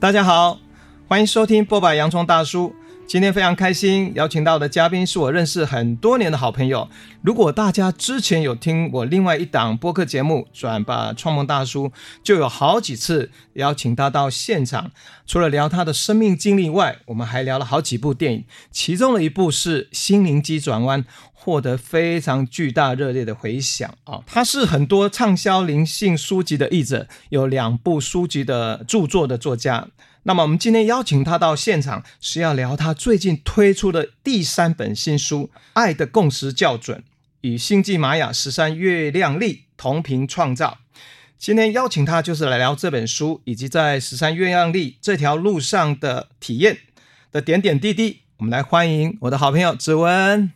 大家好，歡迎收聽《剝吧！洋蔥大叔》。今天非常開心，邀請到的嘉賓是我認識很多年的好朋友。如果大家之前有聽我另外一檔播客節目轉吧創夢大叔，就有好幾次邀請他到現場。除了聊他的生命經歷外，我們還聊了好幾部電影，其中的一部是《心靈急轉彎》，獲得非常巨大熱烈的回響啊、哦！他是很多暢銷靈性書籍的譯者，有兩部書籍的著作的作家。那麼我們今天邀請他到現場，是要聊他最近推出的第三本新書《愛的共時校準》與星際瑪雅十三月亮曆同頻創造。今天邀請他就是來聊這本書，以及在十三月亮曆這條路上的體驗的點點滴滴。我們來歡迎我的好朋友芷雯。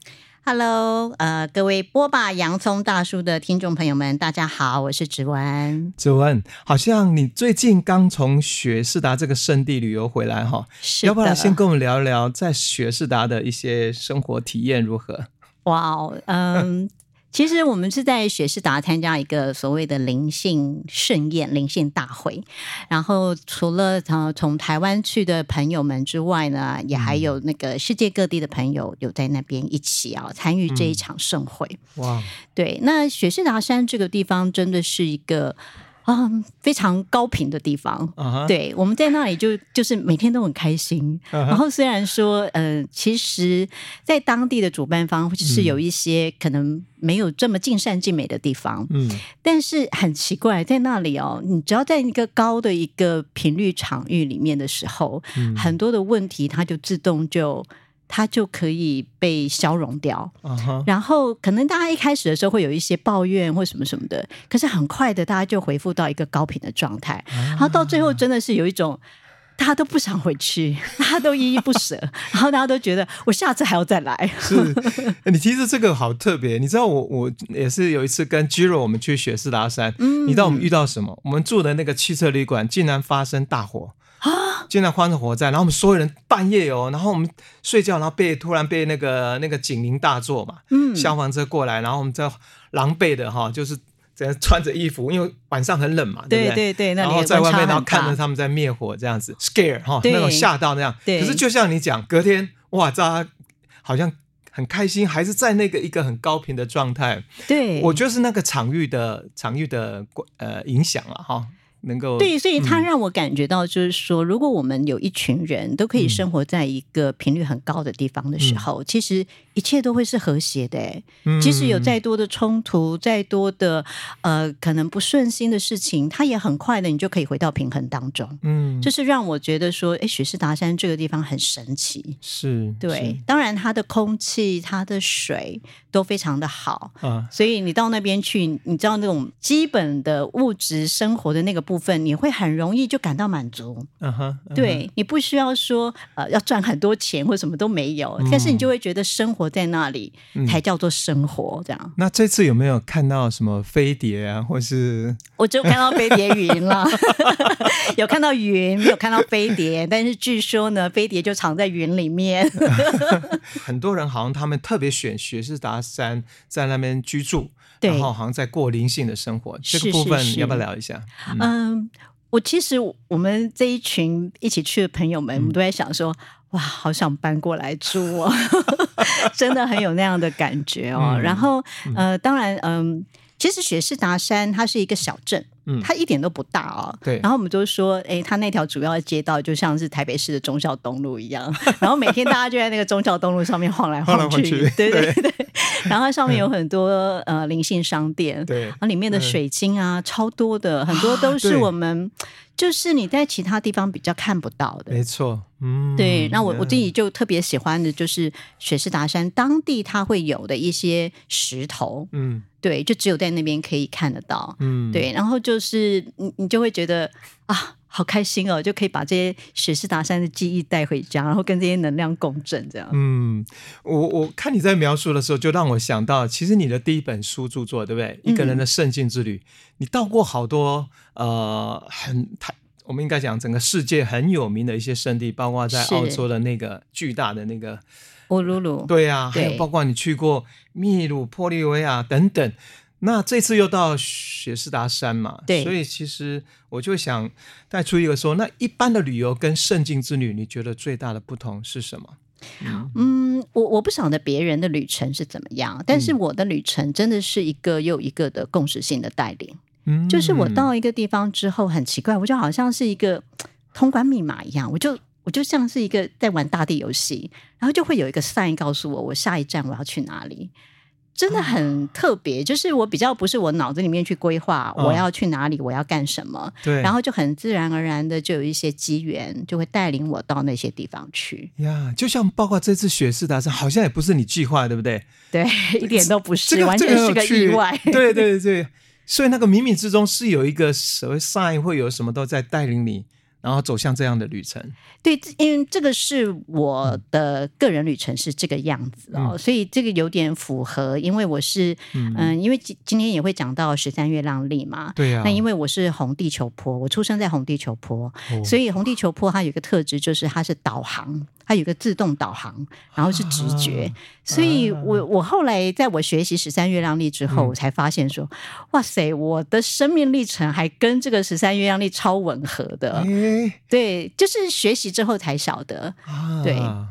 Hello，呃，各位剝吧！洋蔥大叔的聽眾朋友們，大家好，我是芷雯。芷雯，好像你最近剛從雪士達這個聖地旅遊回來哈？是的。要不然先跟我們聊一聊在雪士達的一些生活體驗如何？哇哦，嗯。其實我們是在雪士達參加一個所謂的靈性盛宴、靈性大會。然後除了從，從台灣去的朋友們之外呢，也還有那個世界各地的朋友有在那邊一起啊參與這一場盛會。嗯、哇，對，那雪士達山這個地方真的是一個。啊，oh, 非常高頻的地方，uh huh. 對，我們在那裡就就是每天都很開心。Uh huh. 然後雖然說，嗯、呃，其實在當地的主辦方是有一些可能沒有這麼盡善盡美的地方，嗯，但是很奇怪，在那裡哦，你只要在一個高的一個頻率場域裡面的時候，嗯、很多的問題它就自動就。它就可以被消融掉，uh huh、然後可能大家一開始的時候會有一些抱怨或什麼什麼的，可是很快的大家就回復到一個高頻的狀態，uh huh、然後到最後真的是有一種大家都不想回去，大家都依依不舍， 然後大家都覺得我下次還要再來。是，你其實這個好特別，你知道我我也是有一次跟 Giro 我們去雪士達山，嗯、你知道我們遇到什麼？嗯、我們住的那個汽車旅館竟然發生大火。竟然發生火災，然後我們所有人半夜哦、喔，然後我們睡覺，然後被突然被那個那個警鈴大作嘛，嗯，消防車，過來，然後我們再狼狽的哈，就是這樣穿着衣服，因為晚上很冷嘛，對對對，然後在外面然後看着他們在滅火，這樣子，scare 哈，那種嚇到那樣。對。可是就像你講，隔天哇，大家好像很開心，還是在那個一個很高頻的狀態。對。我就是那個場域的場域的呃影響了哈。能夠對，所以他讓我感覺到，就是說，嗯、如果我們有一群人都可以生活在一個頻率很高的地方的時候，嗯、其實一切都會是和諧的、欸。嗯，即使有再多的衝突，再多的呃，可能不順心的事情，它也很快的，你就可以回到平衡當中。嗯，就是讓我覺得說，哎、欸，雪士達山這個地方很神奇。是，對，是當然它的空氣、它的水都非常的好。啊，所以你到那邊去，你知道那種基本的物質生活的那個。部分你會很容易就感到滿足，嗯哼、uh，huh, uh huh、對，你不需要說呃要賺很多錢或什麼都沒有，嗯、但是你就會覺得生活在那裡才叫做生活這樣。嗯、那這次有沒有看到什麼飛碟啊，或是？我只有看到飛碟雲了， 有看到雲，沒有看到飛碟，但是據說呢，飛碟就藏在雲裡面。 很多人好像他們特別選雪士達山在那邊居住。對然後好像在過靈性的生活，這個部分要不要聊一下？是是是嗯，嗯我其實我們這一群一起去的朋友們，都在想說，嗯、哇，好想搬過來住哦， 真的很有那樣的感覺哦。哇然後，嗯、呃，當然，嗯、呃。其實雪士達山它是一個小鎮，嗯，它一點都不大啊。對。然後我們就說，哎，它那條主要街道就像是台北市的忠孝東路一樣，然後每天大家就在那個忠孝東路上面晃來晃去，對對對。然後上面有很多呃靈性商店，對。然後裡面的水晶啊，超多的，很多都是我們就是你在其他地方比較看不到的，沒錯。嗯，對。那我我自己就特別喜歡的就是雪士達山當地它會有的一些石頭，嗯。對，就只有在那邊可以看得到。嗯，對，然後就是你，你就會覺得啊，好開心哦，就可以把這些雪士達山的記憶帶回家，然後跟這些能量共振，這樣。嗯，我我看你在描述的時候，就讓我想到，其實你的第一本書著作，對不對？一個人的聖境之旅，嗯、你到過好多呃，很，我們應該講整個世界很有名的一些聖地，包括在澳洲的那個巨大的那個。烏魯魯，對呀、啊，對，還有包括你去過秘魯、玻利維亞等等，那這次又到雪士達山嘛，對，所以其實我就想帶出一個說，那一般的旅遊跟聖境之旅，你覺得最大的不同是什麼？嗯，我我不曉得別人的旅程是怎麼樣，但是我的旅程真的是一個又一個的共時性的帶領，嗯、就是我到一個地方之後，很奇怪，我就好像是一個通關密碼一樣，我就。我就像是一個在玩大地遊戲，然後就會有一個 sign 告訴我，我下一站我要去哪裡，真的很特別。哦、就是我比較不是我腦子裡面去規劃我要去哪裡，哦、我要幹什麼，對，然後就很自然而然的就有一些機緣，就會帶領我到那些地方去。呀，就像包括這次雪士達山，好像也不是你計劃，對不對？對，一點都不是，這個、完全是個意外。對，對對對， 所以那個冥冥之中是有一個所謂 sign，會有什麼都在帶領你。然後走向這樣的旅程，對，因為這個是我的個人旅程、嗯、是這個樣子哦，所以這個有點符合，因為我是嗯、呃，因為今今天也會講到十三月亮曆嘛，對啊。那因為我是紅地球波，我出生在紅地球波，哦、所以紅地球波它有一個特質，就是它是導航。它有個自動導航，然後是直覺，啊、所以我我後來在我學習十三月亮曆之後，嗯、我才發現說，哇塞，我的生命歷程還跟這個十三月亮曆超吻合的，哎、對，就是學習之後才曉得、啊、對，啊、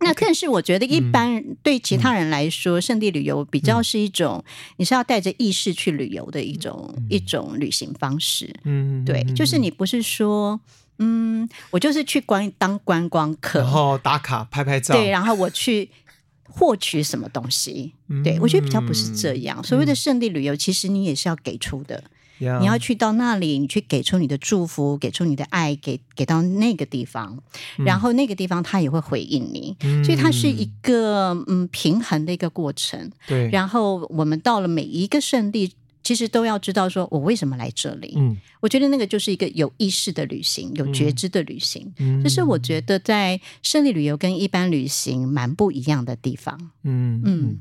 那但是我覺得一般對其他人來說，嗯、聖地旅遊比較是一種你是要帶着意識去旅遊的一種、嗯、一種旅行方式，嗯，對，嗯、就是你不是說。嗯，我就是去觀當觀光客，然後打卡拍拍照，對，然後我去獲取什麼東西？嗯、對我覺得比較不是這樣。嗯、所謂的聖地旅遊，其實你也是要給出的，嗯、你要去到那裡，你去給出你的祝福，給出你的愛，給給到那個地方，然後那個地方它也會回應你，嗯、所以它是一個嗯平衡的一個過程。對，然後我們到了每一個聖地。其實都要知道，說我為什麼來這裡。嗯，我覺得那個就是一個有意識的旅行，有覺知的旅行。嗯，這是我覺得在聖地旅遊跟一般旅行蠻不一樣的地方。嗯嗯，嗯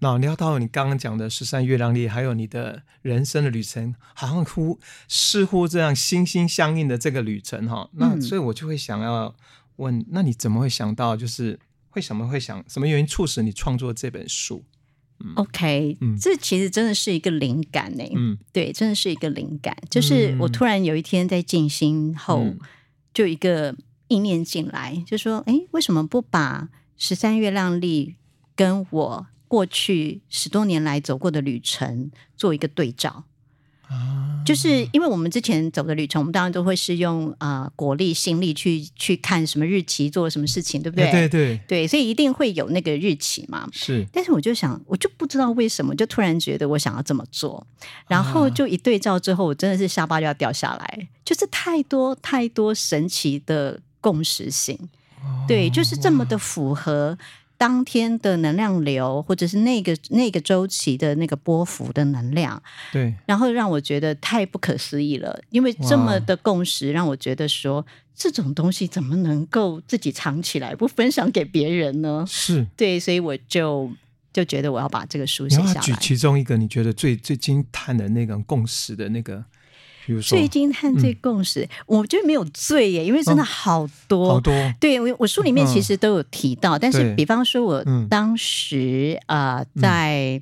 那聊到你剛剛講的十三月亮曆，還有你的人生的旅程，好像乎似乎這樣心心相印的這個旅程哈、哦。嗯、那所以我就會想要問，那你怎麼會想到？就是為什麼會想？什麼原因促使你創作這本書？OK，、嗯、這其實真的是一個靈感誒、欸，嗯、對，真的是一個靈感。就是我突然有一天在靜心後，嗯、就一個意念進來，就說：“哎，為什麼不把十三月亮曆跟我過去十多年來走過的旅程做一個對照？”啊就是因為我們之前走的旅程，我們當然都會是用啊、呃、國曆心曆，去去看什麼日期做什麼事情，對不對？啊、對對對，所以一定會有那個日期嘛。是。但是我就想，我就不知道為什麼，就突然覺得我想要這麼做，然後就一對照之後，啊、我真的是下巴就要掉下來，就是太多太多神奇的共時性，對，就是這麼的符合。哦當天的能量流，或者是那個那個週期的那個波幅的能量，對，然後讓我覺得太不可思議了。因為這麼的共時，讓我覺得說，哇這種東西怎麼能夠自己藏起來不分享給別人呢？是對，所以我就就覺得我要把這個書寫下來。舉其中一個你覺得最最驚嘆的那個共時的那個。最近犯罪共時，嗯、我覺得沒有罪耶，因為真的好多，嗯、好多，啊。對我，我書裡面其實都有提到，嗯、但是比方說我當時啊、嗯呃，在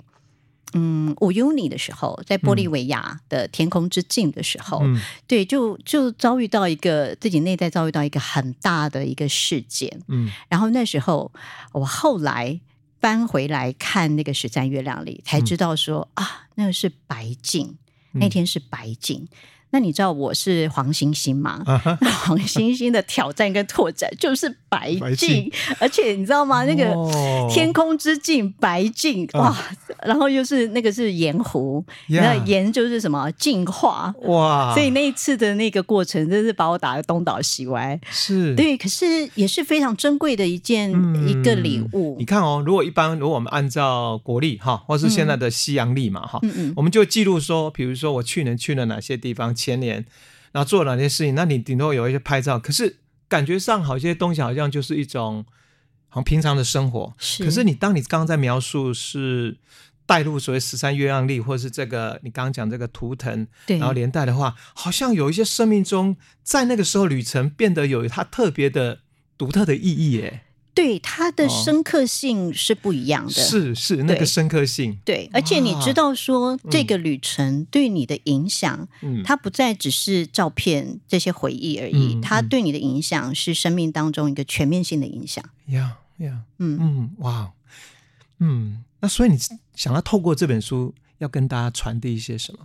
嗯，烏尤尼的時候，在玻利維亞的天空之境的時候，嗯、對，就就遭遇到一個自己內在遭遇到一個很大的一個事件，嗯，然後那時候我後來翻回來看那個《十三月亮》裡，才知道說、嗯、啊，那個是白鏡。那天是白鏡，嗯、那你知道我是黃星星嗎？啊、呵呵那黃星星的挑戰跟拓展就是。白淨，白淨，而且你知道嗎？哦、那個天空之鏡，白淨哇！嗯、然後又是那個是鹽湖，那鹽 Yeah 就是什麼淨化哇！所以那一次的那個過程，真是把我打的東倒西歪。是對，可是也是非常珍貴的一件、嗯、一個禮物。你看哦，如果一般如果我們按照國曆哈，或是現在的西洋曆嘛哈，嗯、我們就記錄說，比如說我去年去了哪些地方，前年然後做了哪些事情，那你頂多有一些拍照，可是。感覺上，好一些東西好像就是一種，很平常的生活。是。可是你當你剛剛在描述，是帶入所謂十三月亮曆，或是這個你剛剛講這個圖騰，對然後連帶的話，好像有一些生命中在那個時候旅程變得有它特別的獨特的意義、欸，耶。對它的深刻性是不一樣的。哦、是是，那個深刻性對。對，而且你知道說這個旅程對你的影響，嗯、它不再只是照片、這些回憶而已，嗯嗯、它對你的影響是生命當中一個全面性的影響。呀呀 Yeah, yeah、嗯，嗯嗯，哇，嗯，那所以你想要透過這本書要跟大家傳遞一些什麼？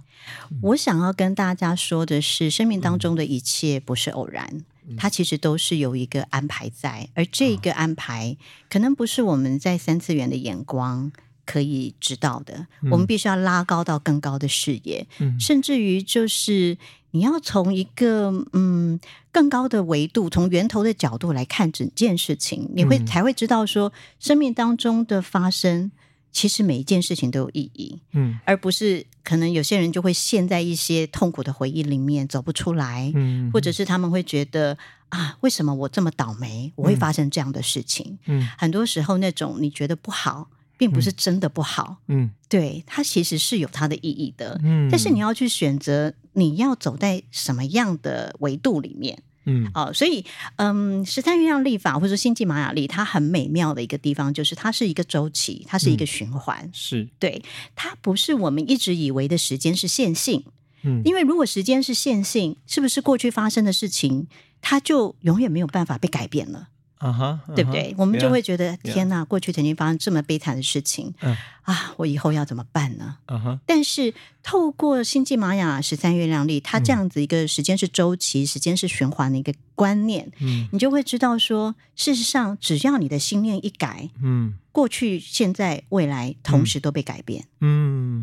嗯、我想要跟大家說的是，生命當中的一切不是偶然。它其實都是有一個安排在，而這個安排可能不是我們在三次元的眼光可以知道的，嗯、我們必須要拉高到更高的視野，嗯、甚至於就是你要從一個嗯更高的維度，從源頭的角度來看整件事情，你會才會知道說生命當中的發生。其實每一件事情都有意義，嗯，而不是可能有些人就會陷在一些痛苦的回憶裡面走不出來，嗯嗯，或者是他們會覺得啊，為什麼我這麼倒霉，我會發生這樣的事情？嗯，很多時候那種你覺得不好，並不是真的不好，嗯，對，它其實是有它的意義的，嗯，但是你要去選擇你要走在什麼樣的維度裡面。嗯、哦，所以，嗯，十三月亮曆法或者說星際瑪雅曆，它很美妙的一個地方就是，它是一個周期，它是一個循環，嗯，是對，它不是我們一直以為的時間是線性，嗯，因為如果時間是線性，是不是過去發生的事情，它就永遠沒有辦法被改變了？對不對？我們就會覺得天哪，過去曾經發生這麼悲慘的事情，啊，我以後要怎麼辦呢？但是透過星際瑪雅十三月亮曆，它這樣子一個時間是周期、時間是循環的一個觀念，你就會知道說，事實上，只要你的心念一改，過去、現在、未來同時都被改變，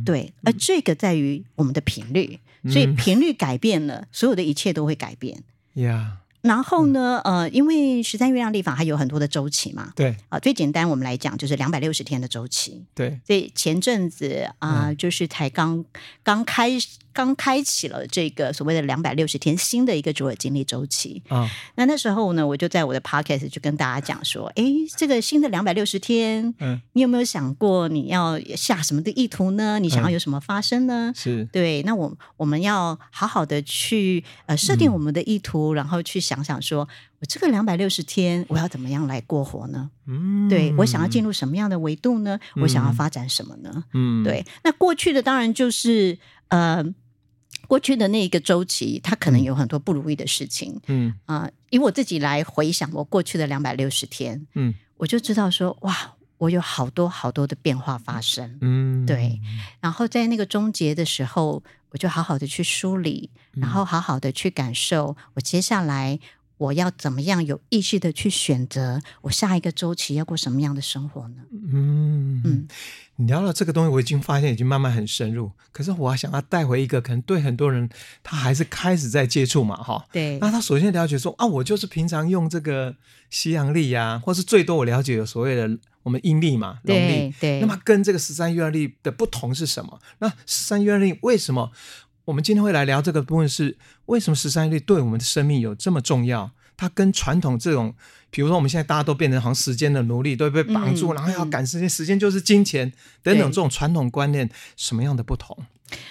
對。而這個在於我們的頻率，所以頻率改變了，所有的一切都會改變，然後呢，呃，因為十三月亮曆法還有很多的周期嘛，對啊、呃，最簡單我們來講就是兩百六十天的周期，對，所以前陣子啊，呃嗯、就是才剛剛開始。剛開啟了這個所謂的兩百六十天新的一個主要經歷週期，哦，那那時候呢，我就在我的 podcast 就跟大家講說，哎，這個新的兩百六十天，嗯、你有沒有想過你要下什麼的意圖呢？你想要有什麼發生呢？嗯、是對，那我我們要好好的去，呃、設定我們的意圖，嗯、然後去想想說，我這個兩百六十天我要怎麼樣來過活呢？嗯，對我想要進入什麼樣的維度呢？嗯、我想要發展什麼呢？嗯，對，那過去的當然就是呃。過去的那一個週期，它可能有很多不如意的事情，嗯啊，因為、呃、以我自己來回想我過去的兩百六十天，嗯，我就知道說，哇，我有好多好多的變化發生，嗯，對，然後在那個終結的時候，我就好好的去梳理，然後好好的去感受，我接下來。我要怎麼樣有意識的去選擇我下一個周期要過什麼樣的生活呢？嗯，你聊到這個東西，我已經發現已經慢慢很深入。可是我還想要帶回一個，可能對很多人他還是開始在接觸嘛，哈對。對、哦。那他首先了解說啊，我就是平常用這個西洋曆呀、啊，或是最多我了解有所謂的我們陰曆嘛、農曆。對。對，那麼跟這個十三月曆的不同是什麼？那十三月曆為什麼？我們今天會來聊這個部分是為什麼十三月曆對我們的生命有這麼重要？它跟傳統這種，比如說我們現在大家都變成好像時間的奴隸，都會被綁住，嗯嗯、然後要趕時間，時間就是金錢等等這種傳統觀念，對什麼樣的不同？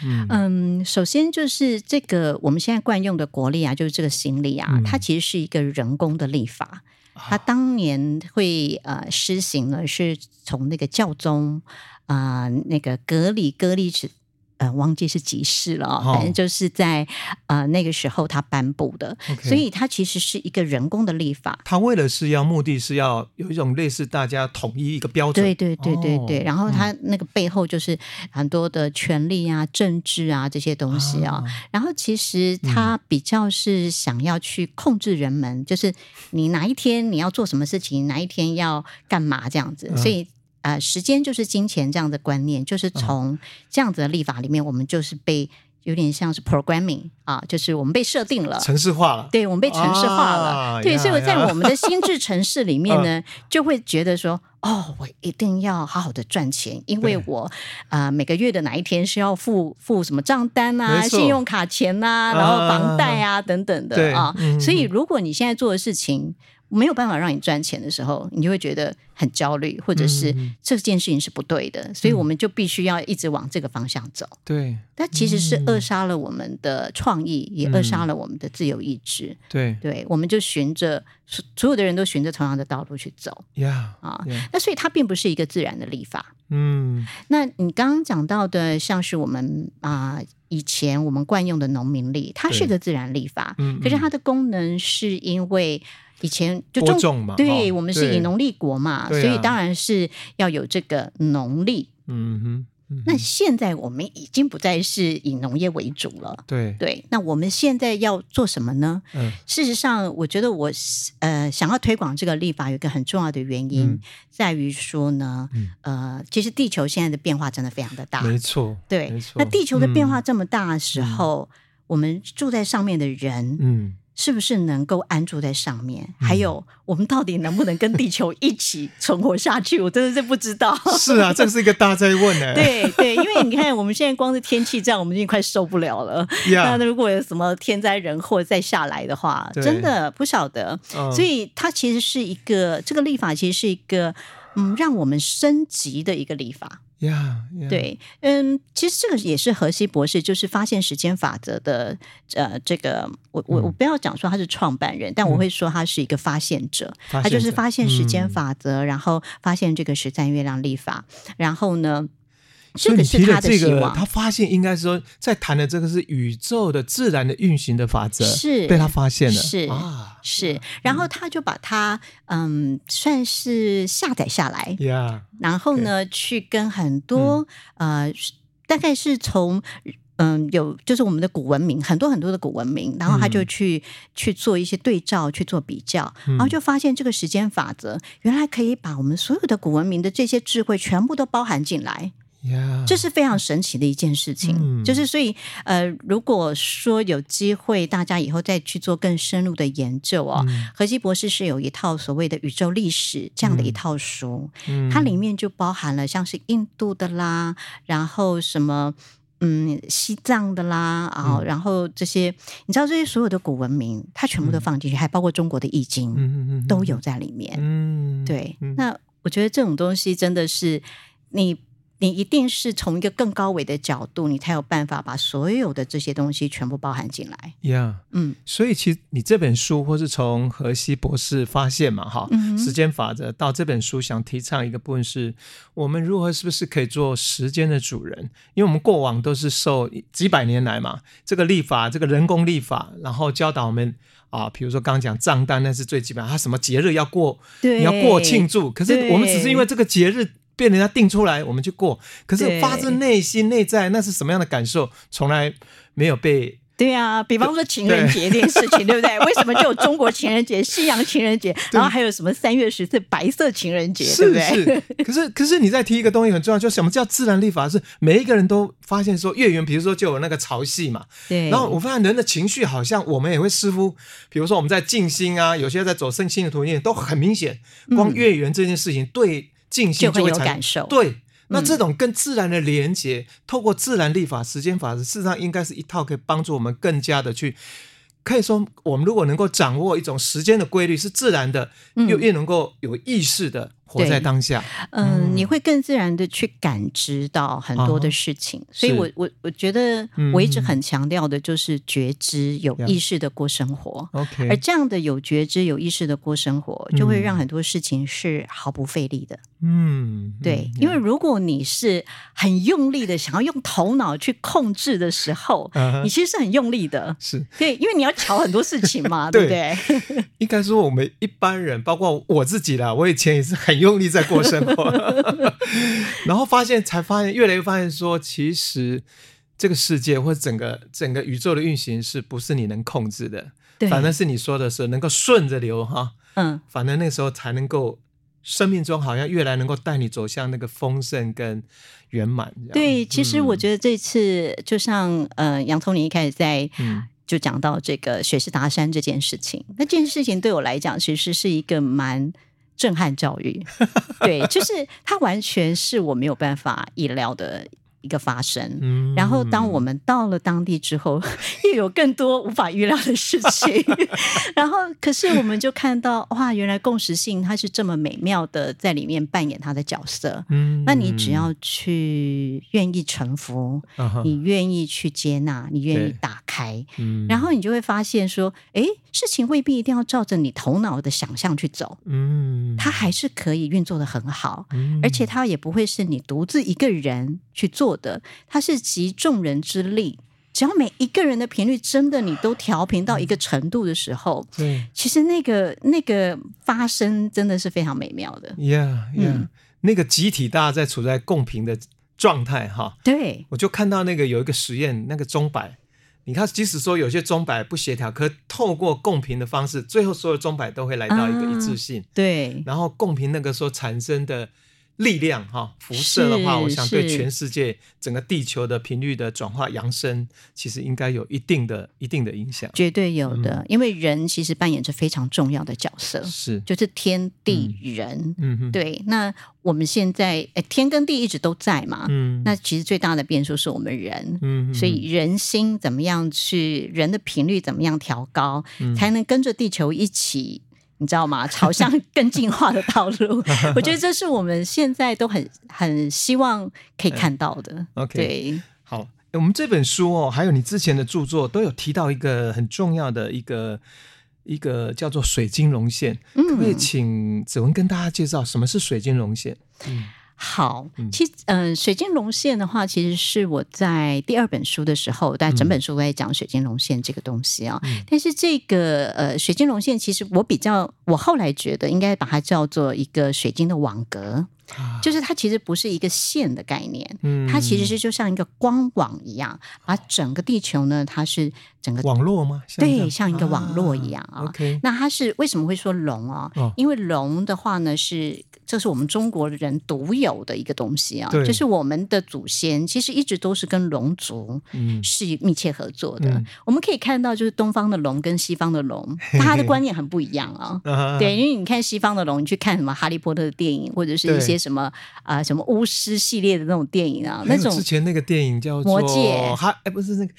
嗯,嗯，首先就是這個我們現在慣用的國歷啊，就是這個新曆啊，嗯、它其實是一個人工的曆法，它當年會、啊、呃施行的是從那個教宗啊、呃、那個格里格裡制。呃，忘記是幾世了，哦，oh. 反正就是在呃那個時候他頒佈的，Okay. 所以它其實是一個人工的曆法。他為了是要目的是要有一種類似大家統一一個標準，對對對對對。Oh. 然後他那個背後就是很多的權力啊、政治啊這些東西啊、哦。Oh. 然後其實他比較是想要去控制人們，嗯、就是你哪一天你要做什麼事情，哪一天要幹嘛這樣子，oh. 所以。呃，時間就是金錢這樣的觀念，就是從這樣子的曆法裡面，我們就是被有點像是 programming 啊，就是我們被設定了程式化了，對我們被程式化了，對，所以在我們的心智程式裡面呢，就會覺得說，哦，我一定要好好的賺錢，因為我啊每個月的哪一天需要付付什麼賬單啊、信用卡錢啊，然後房貸啊等等的啊，所以如果你現在做的事情。沒有辦法讓你賺錢的時候，你就會覺得很焦慮，或者是、嗯、這件事情是不對的，嗯、所以我們就必須要一直往這個方向走。對，但其實是扼殺了我們的創意，嗯、也扼殺了我們的自由意志。對對，我們就循着所有的人都循着同樣的道路去走。呀 Yeah, 啊，那 yeah. 所以它並不是一個自然的曆法。嗯，那你剛剛講到的，像是我們啊、呃、以前我們慣用的農民曆，它是一個自然曆法，對可是它的功能是因為。以前就播種嘛，對我們是以農立國嘛，所以當然是要有這個農曆。嗯哼，那現在我們已經不再是以農業為主了。對對，那我們現在要做什麼呢？嗯，事實上，我覺得我呃想要推廣這個曆法，有一個很重要的原因，在於說呢，呃，其實地球現在的變化真的非常的大，沒錯，對，沒錯，那地球的變化這麼大的時候，我們住在上面的人，嗯。是不是能夠安住在上面？嗯、還有，我們到底能不能跟地球一起存活下去？ 我真的是不知道。是啊，這是一個大哉問呢，欸。 對對，因為你看， 我們現在光是天氣這樣，我們已經快受不了了。Yeah. 那如果有什麼天災人禍再下來的話，對真的不曉得。嗯、所以它其實是一個，這個曆法其實是一個。嗯，讓我們升級的一個曆法。Yeah, yeah. 對，嗯，其實這個也是荷西博士，就是發現時間法則的。呃，這個我我我不要講說他是創辦人，嗯、但我會說他是一個發現者。嗯、他就是發現時間法則，嗯、然後發現這個十三月亮曆法，然後呢？所以你提的這個，這是他的希望他發現應該說，在談的這個是宇宙的自然的運行的法則，是被他發現了是啊，是。然後他就把它嗯，嗯，算是下載下來，yeah, okay. 然後呢，去跟很多、嗯、呃，大概是從嗯，有就是我們的古文明，很多很多的古文明，然後他就去、嗯、去做一些對照，去做比較，然後就發現這個時間法則原來可以把我們所有的古文明的這些智慧全部都包含進來。這是非常神奇的一件事情，嗯、就是所以呃，如果說有機會，大家以後再去做更深入的研究啊、哦，嗯、荷西博士是有一套所謂的宇宙歷史這樣的一套書，嗯、它裡面就包含了像是印度的啦，然後什麼嗯西藏的啦啊，哦嗯、然後這些你知道這些所有的古文明，它全部都放進去，嗯、還包括中國的易經，都有在裡面。嗯嗯、對，嗯、那我覺得這種東西真的是你。你一定是從一個更高維的角度，你才有辦法把所有的這些東西全部包含進來。Yeah, 嗯，所以其實你這本書，或是從河西博士發現嘛，哈，嗯、哼時間法則到這本書，想提倡一個部分是，我們如何是不是可以做時間的主人？因為我們過往都是受幾百年來嘛，這個曆法，這個人工曆法，然後教導我們啊，比如說剛剛講賬單，那是最基本的，它什麼節日要過，對你要過慶祝，可是我們只是因為這個節日。被人家定出來，我們就過。可是發自內心對內在那是什麼樣的感受，從來沒有被。對啊，比方說情人節這件事情，對不對？對對，為什麼就有中國情人節、 西洋情人節，對然後還有什麼三月十四白色情人節，是不是？可是，可是你在提一個東西很重要，就什、是、麼叫自然曆法？是每一個人都發現說，月圓，比如說就有那個潮汐嘛。對。然後我發現人的情緒好像我們也會似乎，比如說我們在靜心啊，有些在走聖心的途徑，都很明顯。光月圓這件事情對、嗯。行就，會就會有感受。對，那這種更自然的連接，嗯、透過自然曆法、時間法則，事實上應該是一套可以幫助我們更加的去，可以說，我們如果能夠掌握一種時間的規律，是自然的，又越能夠有意識的。嗯活在當下，嗯，你會更自然的去感知到很多的事情，所以我我我覺得我一直很強調的就是覺知、有意識的過生活。OK，而這樣的有覺知、有意識的過生活，就會讓很多事情是毫不費力的。嗯，對，因為如果你是很用力的想要用頭腦去控制的時候，你其實是很用力的，是。對，因為你要喬很多事情嘛，對不對？應該說我們一般人，包括我自己啦，我以前也是很。用力在過生活， 然後發現，才發現，越來越發現說，其實這個世界或者整個整個宇宙的運行是不是你能控制的？對，反正是你說的是能夠順着流哈，嗯，反正那時候才能夠生命中好像越來能夠帶你走向那個豐盛跟圓滿這樣。對，其實我覺得這次、嗯、就像呃，洋蔥你一開始在、嗯、就講到這個雪士達山這件事情，那這件事情對我來講其實是一個蠻。震撼教育，對，就是它完全是我沒有辦法預料的一個發生。嗯、然後當我們到了當地之後，又有更多無法預料的事情。嗯、然後，可是我們就看到，哇，原來共時性它是這麼美妙的，在裡面扮演它的角色。嗯、那你只要去願意臣服，嗯嗯、你願意去接納，你願意打。嗯嗯嗯台，嗯、然後你就會發現說，哎，事情未必一定要照着你頭腦的想象去走，嗯，它還是可以運作得很好，嗯、而且它也不會是你獨自一個人去做的，它是集眾人之力，只要每一個人的頻率真的你都調頻到一個程度的時候，嗯、對，其實那個那個發生真的是非常美妙的，yeah yeah，嗯、那個集體大家在處在共頻的狀態哈，對，我就看到那個有一個實驗，那個鐘擺。你看，即使說有些鐘擺不協調，可透過共頻的方式，最後所有鐘擺都會來到一個一致性。啊、對，然後共頻那個所產生的。力量哈、哦，輻射的話，我想對全世界整個地球的頻率的轉化揚升，其實應該有一定的一定的影響，絕對有的。嗯、因為人其實扮演着非常重要的角色，是就是天地人，嗯嗯，嗯哼對。那我們現在誒、欸，天跟地一直都在嘛，嗯，那其實最大的變數是我們人，嗯哼，所以人心怎麼樣去，人的頻率怎麼樣調高，嗯、哼才能跟着地球一起。你知道嗎？朝向更進化的道路， 我覺得這是我們現在都很很希望可以看到的。 Okay. 對好、欸，我們這本書哦，還有你之前的著作都有提到一個很重要的一個一個叫做“水晶龍線”，嗯、可，不可以請芷雯跟大家介紹什麼是“水晶龍線”？嗯。好，其實，嗯、呃，水晶龍線的話，其實是我在第二本書的時候，但整本書都在講水晶龍線這個東西啊、哦。嗯、但是，這個呃，水晶龍線，其實我比較，我後來覺得應該把它叫做一個水晶的網格。就是它其實不是一個線的概念，它其實是就像一個光網一樣，把、啊、整個地球呢，它是整個網絡嗎？對，像一個網絡一樣、哦、啊。Okay、那它是為什麼會說龍啊、哦？哦、因為龍的話呢，是這是我們中國人獨有的一個東西啊、哦。對就是我們的祖先其實一直都是跟龍族是密切合作的。嗯、我們可以看到，就是東方的龍跟西方的龍，它的觀念很不一樣啊、哦。 對，因為你看西方的龍，你去看什麼哈利波特的電影或者是一些。什麼啊、呃？什麼巫師系列的那種電影啊？沒有，那種之前那個電影叫做《魔戒》他？哎、欸，不是那個，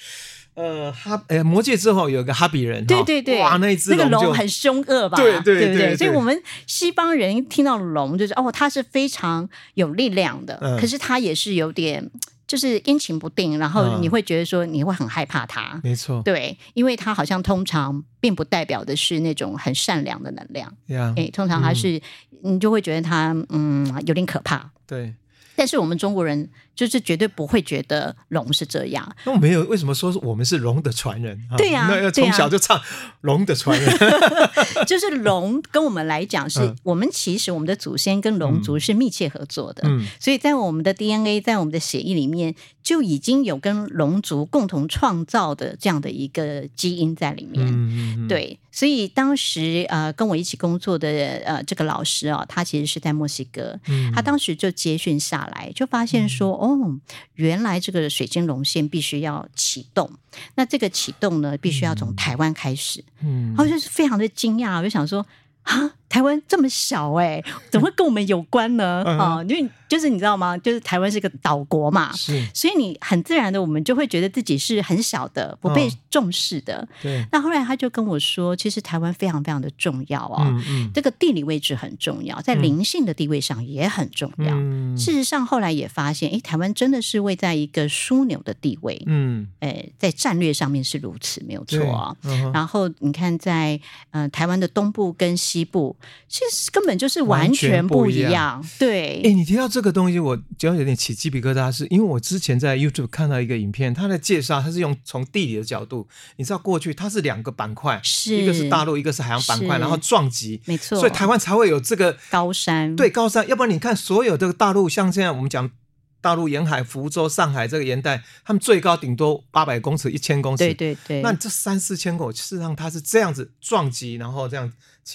呃，哈哎，欸《魔戒》之後有個哈比人、哦，對對對，那，那個龍很凶惡吧？對對，對對對，所以我們西方人一聽到龍就是哦，他是非常有力量的，嗯、可是他也是有點。就是陰晴不定，然後你會覺得說你會很害怕他。啊，沒錯，對，因為他好像通常並不代表的是那種很善良的能量，對呀、欸，通常還是你就會覺得他嗯，嗯有點可怕，對，但是我們中國人。就是絕對不會覺得龍是這樣。那、哦、沒有，為什麼說我們是龍的傳人？對呀，從小就唱龍的傳人。 就是龍跟我們來講，是、嗯、我們其實我們的祖先跟龍族是密切合作的。嗯、所以在我們的 DNA，在我們的血液裡面，就已經有跟龍族共同創造的這樣的一個基因在裡面。嗯嗯嗯對，所以當時呃，跟我一起工作的呃這個老師哦、喔，他其實是在墨西哥，嗯、他當時就接訊下來，就發現說。嗯哦，原來這個水晶龍線必須要啟動，那這個啟動呢，必須要從台灣開始，嗯，嗯，然後就是非常的驚訝，我就想說。啊，台灣這麼小哎、欸，怎麼會跟我們有關呢？啊， 因為就是你知道嗎？就是台灣是個島國嘛，是，所以你很自然的，我們就會覺得自己是很小的，不被重視的。哦、對。那後來他就跟我說，其實台灣非常非常的重要啊、哦，嗯嗯、這個地理位置很重要，在靈性的地位上也很重要。嗯、事實上，後來也發現，哎、欸，台灣真的是位在一個樞紐的地位。嗯。哎、欸，在戰略上面是如此，沒有錯啊、哦。嗯、然後你看在，在、呃、嗯，台灣的東部跟西。西部其實根本就是完全不一樣，對。哎、欸，你提到這個東西，我覺得有點起雞皮疙瘩，是因為我之前在 YouTube 看到一個影片，他的介紹，他是用從地理的角度，你知道過去它是兩個板塊，是一個是大陸，一個是海洋板塊，是然後撞擊，沒錯錯，所以台灣才會有這個高山，對高山。要不然你看所有的大陸，像現在我們講大陸沿海，福州、上海這個沿帶，他們最高頂多八百公尺、一千公尺，對對對。那這三四千公，事實上它是這樣子撞擊，然後這樣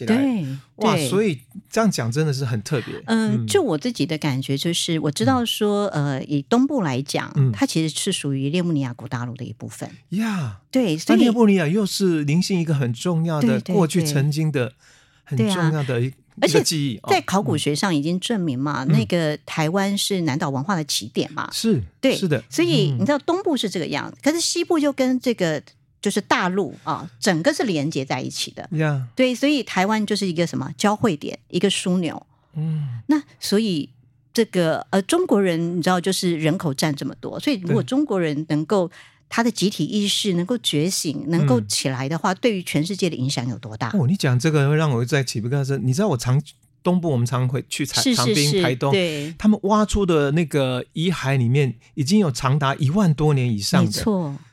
對，哇，所以這樣講真的是很特別。嗯，就我自己的感覺就是，我知道說，呃，以東部來講，它其實是屬於列姆尼亞古大陸的一部分。呀，對，所以列姆尼亞又是靈性一個很重要的過去曾經的很重要的，而且一個記憶。在考古學上已經證明嘛，那個台灣是南島文化的起點嘛，是對，是的。所以你知道東部是這個樣，可是西部就跟這個。就是大陸啊，整個是連接在一起的。Yeah. 對，所以台灣就是一個什麼交匯點，一個樞紐。嗯，mm. 那所以這個、呃、中國人你知道，就是人口佔這麼多，所以如果中國人能夠對他的集體意識能夠覺醒，能夠起來的話，嗯、對於全世界的影響有多大？哦，你講這個會讓我再起不乾聲。你知道我，我常東部，我們常會去長濱，是是是台東，對，他們挖出的那個遺骸裡面，已經有長達一萬多年以上的沒錯。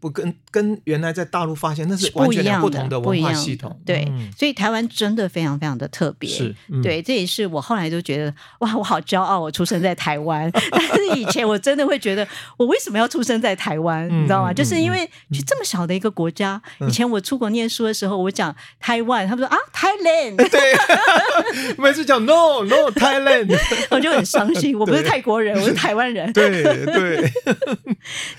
不跟跟原來在大陸發現那是完全不同的文化系統，對，所以台灣真的非常非常的特別，對，這也是我後來就覺得哇，我好驕傲，我出生在台灣。但是以前我真的會覺得，我為什麼要出生在台灣？你知道嗎？就是因為去這麼小的一個國家。以前我出國唸書的時候，我講台灣，他們說啊，Thailand，對，每次講 No No Thailand，我就很傷心，我不是泰國人，我是台灣人，對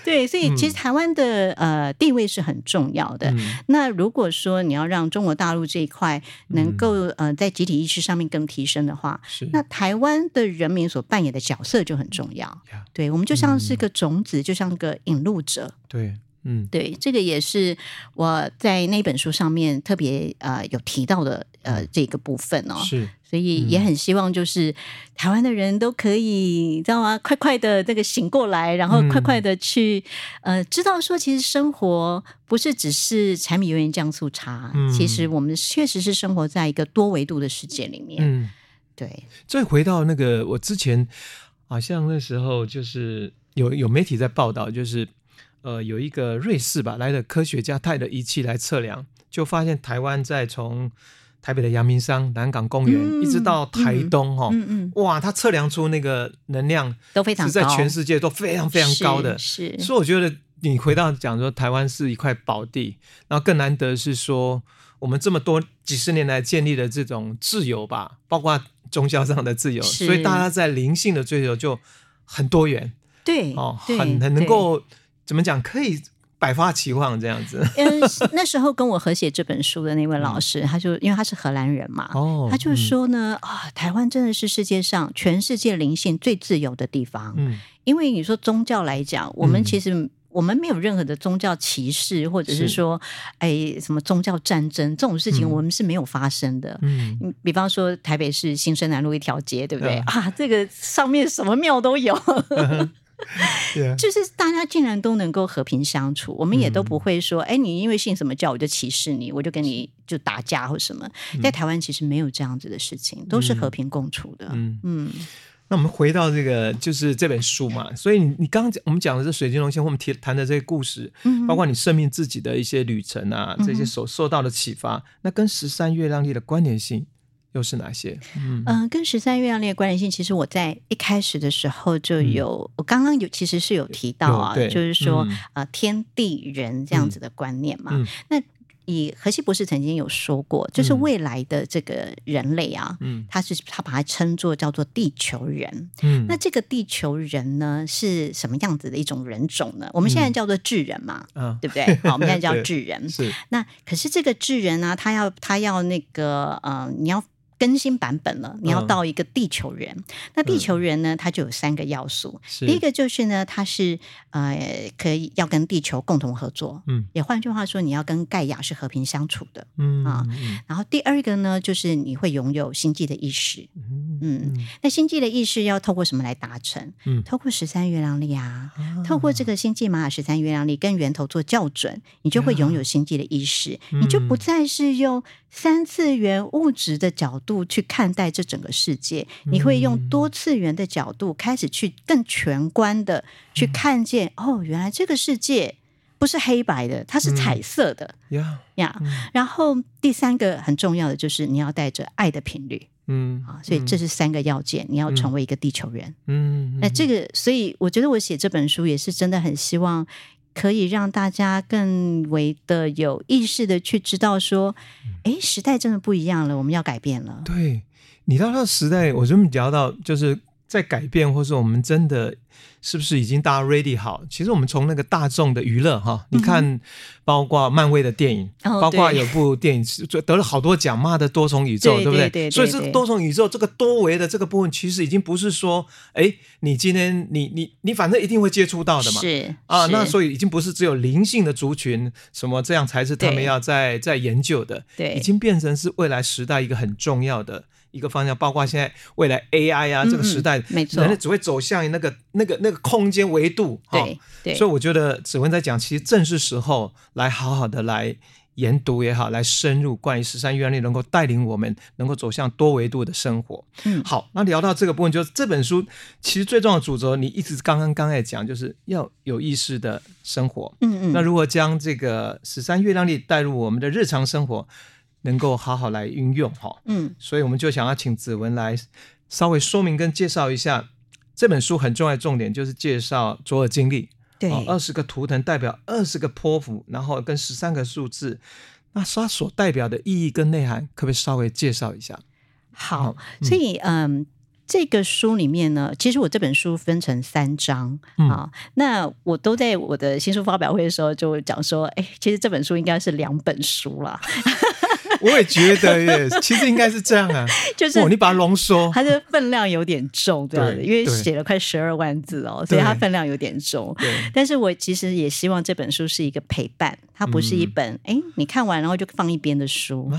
對，所以其實台灣。的呃，地位是很重要的。嗯、那如果說你要讓中國大陸這一塊能夠呃在集體意識上面更提升的話，嗯、那台灣的人民所扮演的角色就很重要。是對，我們就像是個種子，嗯、就像個引路者。對。嗯，對，這個也是我在那本書上面特別呃有提到的呃這個部分哦、喔，是，嗯、所以也很希望就是台灣的人都可以、嗯、你知道嗎？快快的這個醒過來，然後快快的去、嗯、呃知道說，其實生活不是只是柴米油鹽醬醋茶，嗯、其實我們確實是生活在一個多維度的世界裡面，嗯，對。再回到那個，我之前好像那時候就是有有媒體在報道，就是。呃，有一個瑞士吧來的科學家帶著儀器來測量，就發現台灣在從台北的陽明山、南港公園、嗯、一直到台東哈，哇，他測量出那個能量都非常，在全世界都非常非常高的。高是，是，所以我覺得你回到講說台灣是一塊寶地，然後更難得是說我們這麼多幾十年來建立的這種自由吧，包括宗教上的自由，是所以大家在靈性的追求就很多元。對，哦，對很很能夠。怎麼講？可以百花齊放這樣子。因為、嗯、那時候跟我合寫這本書的那位老師，嗯、他就因為他是荷蘭人嘛，哦、他就說呢、嗯、啊，台灣真的是世界上全世界靈性最自由的地方。嗯，因為你說宗教來講，我們其實、嗯、我們沒有任何的宗教歧視，或者是說哎是、欸、什麼宗教戰爭這種事情，我們是沒有發生的。嗯，比方說台北市新生南路一條街，對不對、嗯、啊？這個上面什麼廟都有。嗯 yeah, 就是大家竟然都能夠和平相處，我們也都不會說，哎、嗯欸，你因為信什麼教，我就歧視你，我就跟你就打架或什麼。在台灣其實沒有這樣子的事情，都是和平共處的。嗯，嗯，嗯那我們回到這個，就是這本書嘛。所以你剛講，剛剛我們講的是水晶龍蝦，我們提談的這個故事，嗯、哼包括你生命自己的一些旅程啊，這些所受到的啟發，嗯、哼那跟十三月亮曆的關聯性。又是哪些？嗯，呃、跟十三月亮那個關聯性，其實我在一開始的時候就有，嗯、我剛剛有其實是有提到啊，就是說、嗯、呃天地人這樣子的觀念嘛。嗯、那以荷西博士曾經有說過，就是未來的這個人類啊，嗯，他是他把它稱作叫做地球人，嗯，那這個地球人呢是什麼樣子的一種人種呢？我們現在叫做智人嘛，嗯，對不對？好，我們現在叫智人， 是那可是這個智人呢、啊，他要他要那個嗯、呃，你要。更新版本了，你要到一個地球人。那地球人呢？他就有三個要素。第一個就是呢，他是呃，可以要跟地球共同合作。也換句話說，你要跟蓋亞是和平相處的。嗯啊。然後第二個呢，就是你會擁有星際的意識。嗯，那星際的意識要透過什麼來達成？嗯，透過十三月亮力啊，透過這個星際瑪雅十三月亮曆跟源頭做校準，你就會擁有星際的意識，你就不再是用。三次元物質的角度去看待這整個世界，你會用多次元的角度開始去更全觀的去看見。嗯、哦，原來這個世界不是黑白的，它是彩色的呀呀。然後第三個很重要的就是你要帶着愛的頻率，嗯啊，所以這是三個要件，你要成為一個地球人。嗯，嗯，那這個，所以我覺得我寫這本書也是真的很希望，可以讓大家更為的有意識的去知道說，哎、欸，時代真的不一樣了，我們要改變了。嗯、對，你說到那個時代，我這邊聊到就是。在改變，或是我們真的是不是已經大家 ready 好？其實我們從那個大眾的娛樂哈，嗯、哼你看，包括漫威的電影，哦、包括有部電影對得了好多獎嘛的多重宇宙，對不對,對,對,對？所以這個多重宇宙這個多維的這個部分，其實已經不是說，哎、欸，你今天你你你反正一定會接觸到的嘛。是啊，是那所以已經不是只有靈性的族群什麼這樣才是他們要在對在研究的。對已經變成是未來時代一個很重要的。一個方向，包括現在、未來 AI 啊，這個時代，嗯、沒錯，人類只會走向那個、那個、那個空間維度，對，對、哦，所以我覺得，芷雯在講，其實正是時候來好好的來研讀也好，來深入關於十三月亮曆，能夠帶領我們能夠走向多維度的生活。嗯、好，那聊到這個部分，就是這本書其實最重要的主軸，你一直剛剛剛才講，就是要有意識的生活。嗯嗯。那如何將這個十三月亮曆帶入我們的日常生活？能夠好好來運用哈，嗯，所以我們就想要請芷雯來稍微說明跟介紹一下這本書很重要的重點，就是介紹卓爾金曆，對，二十、哦、個圖騰代表二十個波符，然後跟十三個數字，那它所代表的意義跟內涵，可不可以稍微介紹一下？好，嗯、所以嗯、呃，這個書裡面呢，其實我這本書分成三章啊，嗯、那我都在我的新書發表會的時候就講說，哎，其實這本書應該是兩本書啦。 我也覺得耶， 其實應該是這樣啊。就是你把它濃縮，它的分量有點重，對，對，對，因為寫了快十二萬字哦，對所以它分量有點重。對，但是我其實也希望這本書是一個陪伴。它不是一本哎、嗯，你看完然後就放一邊的書，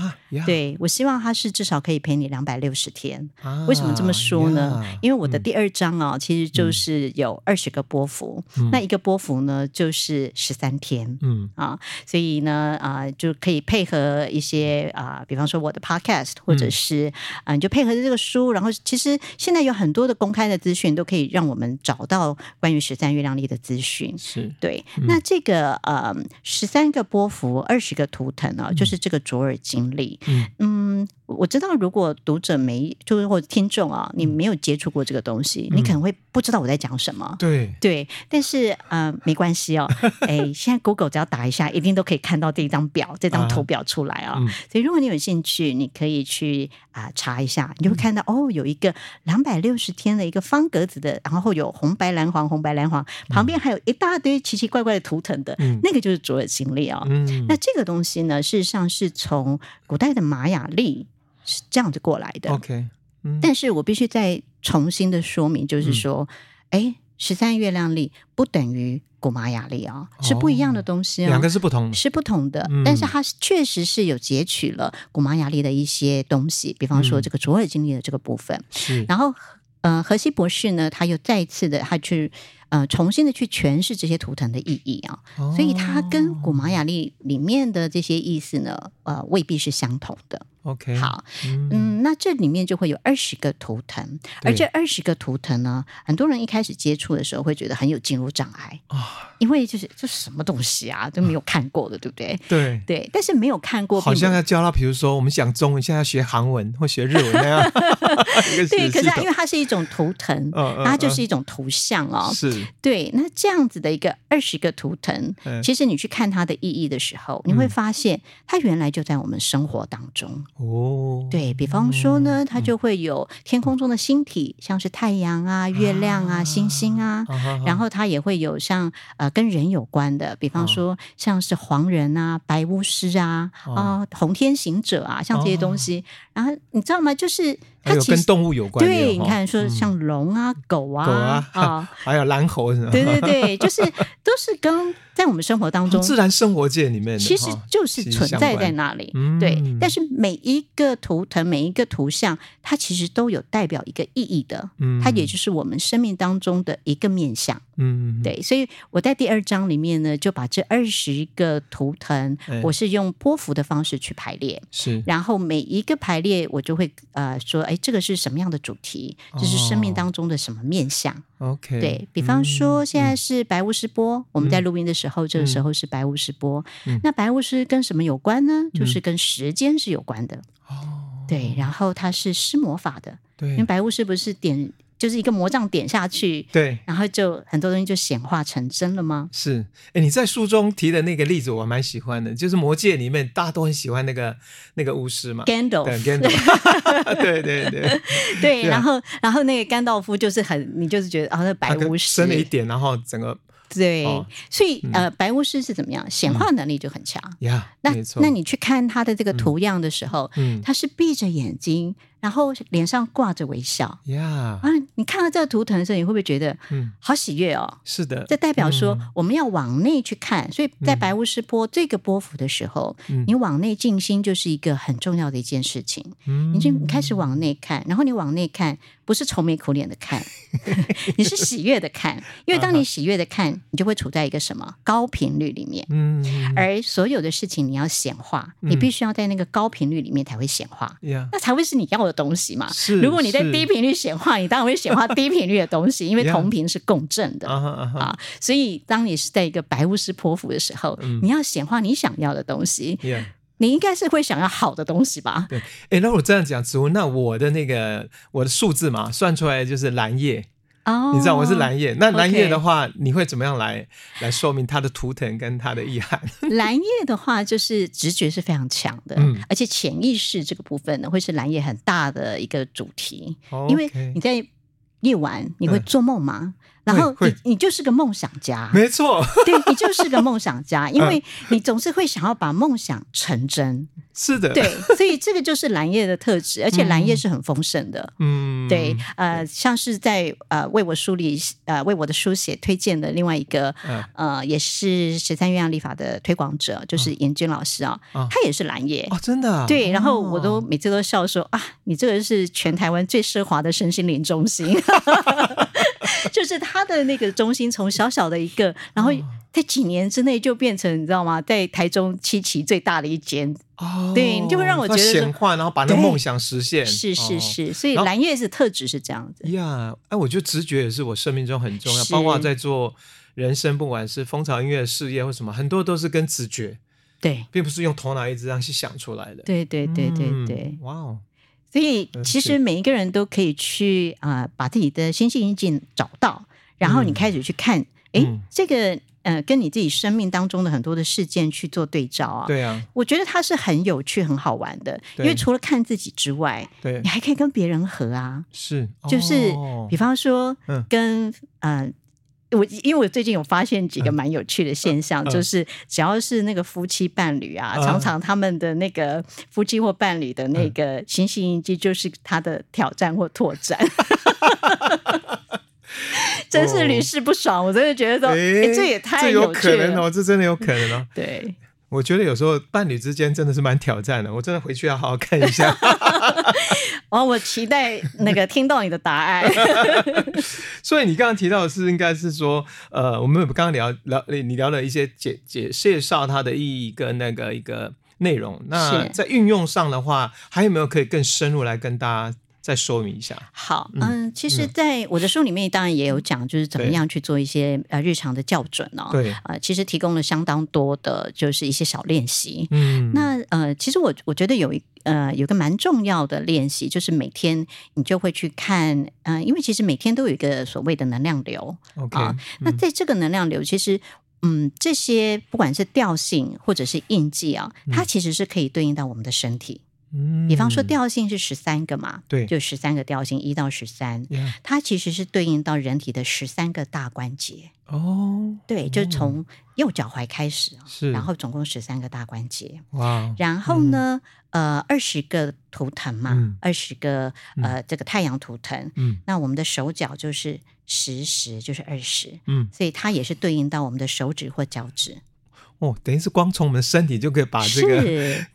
對，我希望它是至少可以陪你兩百六十天。啊、為什麼這麼說呢？嗯、因為我的第二章啊、哦，其實就是有二十個波符，嗯、那一個波符呢就是十三天，嗯啊，所以呢啊、呃，就可以配合一些啊、呃，比方說我的 podcast，、嗯、或者是啊，呃、你就配合這個書，然後其實現在有很多的公開的資訊都可以讓我們找到關於十三月亮曆的資訊。是對，嗯、那這個呃，十三。一個波符二十個圖騰啊，就是這個卓爾金曆，嗯。嗯我知道，如果讀者沒，就是或聽眾啊、哦，你沒有接觸過這個東西，嗯、你可能會不知道我在講什麼。對對，但是呃，沒關係哦。哎，現在 Google 只要打一下，一定都可以看到這張表、啊、這張圖表出來啊、哦。嗯、所以如果你有興趣，你可以去啊、呃、查一下，你就會看到、嗯、哦，有一個兩百六十天的一個方格子的，然後有紅白藍黃、紅白藍黃，旁邊還有一大堆奇奇怪怪的圖騰的，嗯、那個就是卓爾金曆啊。嗯、那這個東西呢，事實上是從古代的瑪雅曆。是這樣子過來的，OK，、嗯、但是我必須再重新的說明，就是說，哎、嗯，十三月亮歷不等於古瑪雅曆啊，哦、是不一樣的東西啊、哦，兩個是不同，是不同的，嗯、但是它確實是有截取了古瑪雅曆的一些東西，嗯、比方說這個卓爾金曆的這個部分，是然後呃，荷西博士呢，他又再一次的，他去呃重新的去詮釋這些圖騰的意義啊、哦，哦、所以它跟古瑪雅曆裡面的這些意思呢，呃，未必是相同的。OK，好，嗯，那這裡面就會有二十個圖騰，而這二十個圖騰呢，很多人一開始接觸的時候會覺得很有進入障礙啊，因為就是就什麼東西啊都沒有看過的，對不對？對對，但是沒有看過，好像要教他，比如說我們講中文，現在要學韓文或學日文那樣。對，可是因為它是一種圖騰，它就是一種圖像哦，是對。那這樣子的一個二十個圖騰，其實你去看它的意義的時候，你會發現它原來就在我們生活當中。哦，對，比方說呢，它就會有天空中的星體，嗯、像是太陽啊、月亮啊、啊星星啊，哦哦、然後它也會有像呃跟人有關的，比方說、哦、像是黃人啊、白巫師啊、啊、哦哦、紅天行者啊，像這些東西。哦、然後你知道嗎？就是。它其實有跟動物有關，對，哦、你看，說像龍啊、嗯、狗啊，啊，還有藍猴，什麼。對對對， 就是都是跟在我們生活當中自然生活界裡面的，其實就是存在在那裡。對，嗯、但是每一個圖騰、每一個圖像，它其實都有代表一個意義的，它也就是我們生命當中的一個面向。嗯，對，所以我在第二章裡面呢，就把這二十個圖騰，我是用波幅的方式去排列，是。然後每一個排列，我就會呃說，哎，這個是什麼樣的主題？就是生命當中的什麼面向？OK，對，比方說，現在是白巫師波，我們在錄音的時候，這個時候是白巫師波。那白巫師跟什麼有關呢？就是跟時間是有關的。哦，對，然後他是施魔法的，對，因為白巫師不是點。就是一個魔杖點下去，對，然後就很多東西就顯化成真了嗎？是，哎，你在書中提的那個例子我蠻喜歡的，就是魔戒裡面大家都很喜歡那個那個巫師嘛，甘道，甘道，對對對對，然後然後那個甘道夫就是很，你就是覺得啊，那白巫師，真的一點，然後整個對，所以呃，白巫師是怎麼樣顯化能力就很強，呀，那那你去看他的這個圖樣的時候，嗯，他是閉着眼睛。然後臉上掛着微笑，呀啊！你看到這個圖騰的時候，你會不會覺得，嗯，好喜悅哦？是的，這代表說我們要往內去看。所以在白巫師波這個波符的時候，你往內靜心就是一個很重要的一件事情。嗯，你就開始往內看，然後你往內看，不是愁眉苦臉的看，你是喜悅的看。因為當你喜悅的看，你就會處在一個什麼？高頻率裡面。嗯，而所有的事情你要顯化，你必須要在那個高頻率裡面才會顯化。呀，那才會是你要東西嘛，如果你在低頻率顯化，你當然會顯化低頻率的東西，因為同頻是共振的、yeah. uh huh, uh huh. 啊。所以當你是在一個白巫師波符的時候，嗯、你要顯化你想要的東西，Yeah. 你應該是會想要好的東西吧？對，哎、欸，那我這樣講，芷雯，那我的那個我的數字嘛，算出來就是藍夜。哦，oh, 你知道我是藍夜，那藍夜的話，你會怎麼樣來 Okay. 來說明他的圖騰跟他的意涵？ 藍夜的話，就是直覺是非常強的，嗯，而且潛意識這個部分呢，會是藍夜很大的一個主題。Okay. 因為你在夜晚，你會做夢嗎？嗯然後你你就是個夢想家，沒錯，對，你就是個夢想家，因為你總是會想要把夢想成真，是的，對，所以這個就是藍夜的特質，而且藍夜是很豐盛的，嗯，對，呃，像是在呃為我梳理呃為我的書寫推薦的另外一個呃也是十三月亮曆法的推廣者，就是嚴君老師啊，他也是藍夜哦，真的，對，然後我都每次都笑說啊，你這個是全台灣最奢華的身心靈中心。 就是他的那個中心，從小小的一個，然後在幾年之內就變成，你知道嗎？在台中七期最大的一間哦，對，你就會讓我覺得顯化、哦，然後把那個夢想實現，是是是，哦、所以藍月是特質是這樣子呀。哎後、yeah, 啊，我覺得直覺也是我生命中很重要，是包括在做人生，不管是風潮音樂事業或什麼，很多都是跟直覺對，並不是用頭腦一直這樣去想出來的。對，對對對對對，嗯、哇哦！所以，其實每一個人都可以去啊、呃，把自己的星系印記找到，然後你開始去看，誒這個呃，跟你自己生命當中的很多的事件去做對照啊。對啊，我覺得它是很有趣、很好玩的，對因為除了看自己之外，對你還可以跟別人合啊。是，就是比方說跟、嗯、呃。我因為我最近有發現幾個蠻有趣的現象，嗯嗯、就是只要是那個夫妻伴侶啊，嗯、常常他們的那個夫妻或伴侶的那個星系印記就是他的挑戰或拓展，嗯、 真是屢試不爽。哦、我真的覺得說，哎、欸欸，這也太有，有可能了、哦。這真的有可能哦， 對。我覺得有時候伴侶之間真的是蠻挑戰的，我真的回去要好好看一下。 哦，我期待那個聽到你的答案。 所以你剛剛提到的是，應該是說，呃，我們剛剛聊聊你聊了一些解解介紹它的意義跟那個一個內容。那在運用上的話，是還有沒有可以更深入來跟大家？再說明一下。好，嗯、呃，其實，在我的書裡面，當然也有講，就是怎麼樣去做一些呃日常的校準哦。對啊、呃，其實提供了相當多的，就是一些小練習。嗯，那呃，其實我我覺得有一呃，有個蠻重要的練習，就是每天你就會去看，嗯、呃，因為其實每天都有一個所謂的能量流。OK，那在這個能量流，其實嗯，這些不管是調性或者是印記啊，它其實是可以對應到我們的身體。比方說，調性是十三個嘛？對，就十三個調性，一到十三，它其實是對應到人體的十三個大關節。哦，對，就從右腳踝開始，是，然後總共十三個大關節。哇，然後呢，呃，二十個圖騰嘛，二十個呃，這個太陽圖騰。嗯，那我們的手腳就是十十，就是二十。嗯，所以它也是對應到我們的手指或腳趾。哦，等於是光從我們身體就可以把這個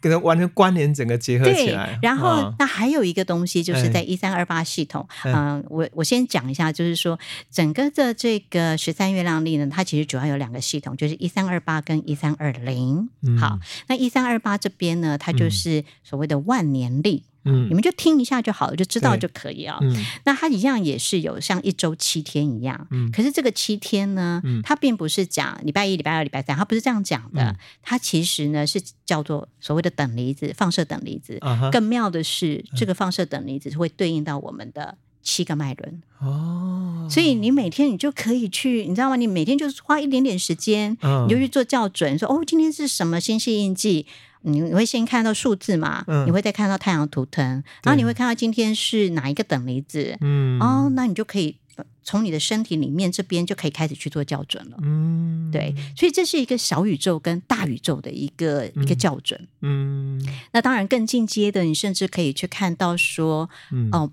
跟它完全關聯，整個結合起來。對，然後哇那還有一個東西，就是在一三二八系統。嗯、欸呃，我我先講一下，就是說整個的這個十三月亮曆呢，它其實主要有兩個系統，就是一三二八跟一三二零。好，那一三二八這邊呢，它就是所謂的萬年曆。嗯嗯、你們就聽一下就好了，就知道就可以啊。嗯、那它一樣也是有像一周七天一樣。嗯、可是這個七天呢，嗯、它並不是講禮拜一、禮拜二、禮拜三，它不是這樣講的。嗯、它其實呢是叫做所謂的等離子放射等離子。更妙的是，嗯、這個放射等離子是會對應到我們的七個脈輪。哦。所以你每天你就可以去，你知道嗎？你每天就是花一點點時間，哦、你就去做校準，說哦，今天是什麼星系印記？你會先看到數字嘛？嗯、你會再看到太陽圖騰，對、然後你會看到今天是哪一個等離子？嗯，哦，那你就可以從你的身體裡面這邊就可以開始去做校準了。嗯，對，所以這是一個小宇宙跟大宇宙的一個、嗯、一個校準。嗯，那當然更進階的，你甚至可以去看到說，嗯、哦，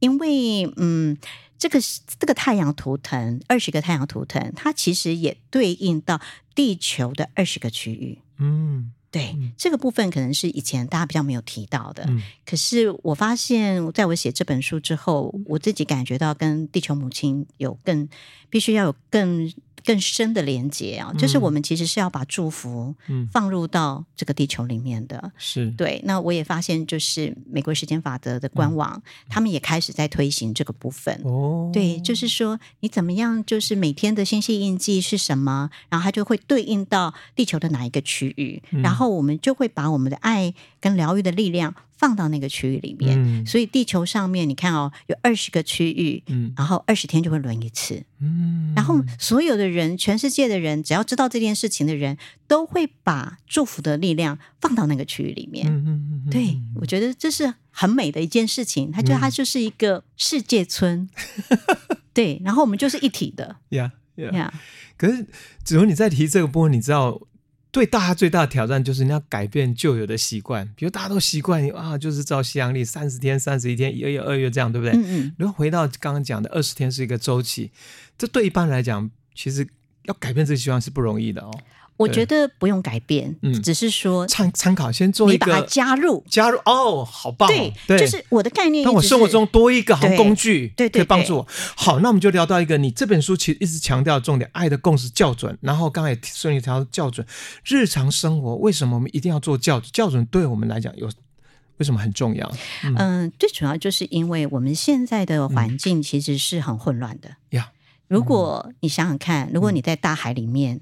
因為嗯，這個這個太陽圖騰，二十個太陽圖騰，它其實也對應到地球的二十個區域。嗯。對，這個部分可能是以前大家比較沒有提到的。嗯、可是我發現，在我寫這本書之後，我自己感覺到跟地球母親有更，必須要有更。更深的連接啊，嗯、就是我們其實是要把祝福放入到這個地球裡面的，嗯、是對。那我也發現，就是美國時間法則的官網，嗯、他們也開始在推行這個部分。哦，對，就是說你怎麼樣，就是每天的星系印記是什麼，然後它就會對應到地球的哪一個區域，嗯、然後我們就會把我們的愛跟療癒的力量。放到那個區域裡面，嗯、所以地球上面你看哦，有二十個區域，嗯、然後二十天就會輪一次，嗯、然後所有的人，全世界的人，只要知道這件事情的人，都會把祝福的力量放到那個區域裡面。嗯嗯嗯、對，我覺得這是很美的一件事情，它就它就是一個世界村，嗯、對，然後我們就是一體的，呀呀。可是，芷雯你在提這個部分，你知道？對大家最大的挑戰就是你要改變舊有的習慣，比如大家都習慣啊，就是照西洋曆，三十天、三十一天、一月、二月這樣，對不對？嗯嗯。然後回到剛剛講的二十天是一個周期，這對一般來講，其實要改變這個習慣是不容易的哦。我覺得不用改變，嗯，只是說參參考，先做你把它加入加入哦，好棒！對，就是我的概念。那我生活中多一個好工具，對對，可以幫助我。好，那我們就聊到一個，你這本書其實一直強調重點，愛的共時校準。然後剛才也說，一條校準日常生活，為什麼我們一定要做校準校準？對我們來講，有為什麼很重要？嗯，最主要就是因為我們現在的環境其實是很混亂的呀。如果你想想看，如果你在大海裡面。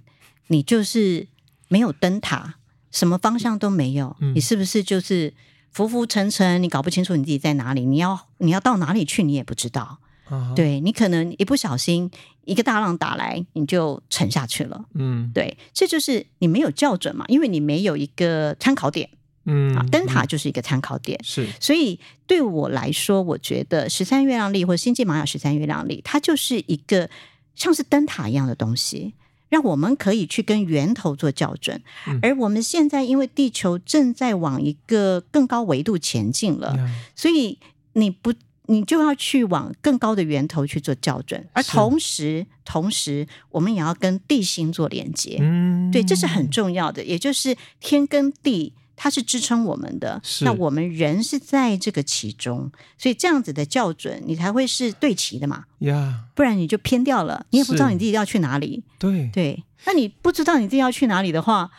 你就是沒有燈塔，什麼方向都沒有。嗯、你是不是就是浮浮沉沉？你搞不清楚你自己在哪裡，你要你要到哪裡去，你也不知道。啊、哈對，你可能一不小心一個大浪打來，你就沉下去了。嗯，對，這就是你沒有校準嘛，因為你沒有一個參考點。嗯，啊、燈塔就是一個參考點。嗯、是，所以對我來說，我覺得十三月亮曆，或者星際馬雅十三月亮曆，它就是一個像是燈塔一樣的東西。讓我們可以去跟源頭做校準，嗯、而我們現在因為地球正在往一個更高維度前進了，嗯、所以你不，你就要去往更高的源頭去做校準，而同時，是同時我們也要跟地心做連接，嗯、對，這是很重要的，也就是天跟地。它是支撐我們的，是那我們人是在這個其中，所以這樣子的校準，你才會是對齊的嘛，呀，Yeah, 不然你就偏掉了，是你也不知道你自己要去哪裡，對對，那你不知道你自己要去哪裡的話，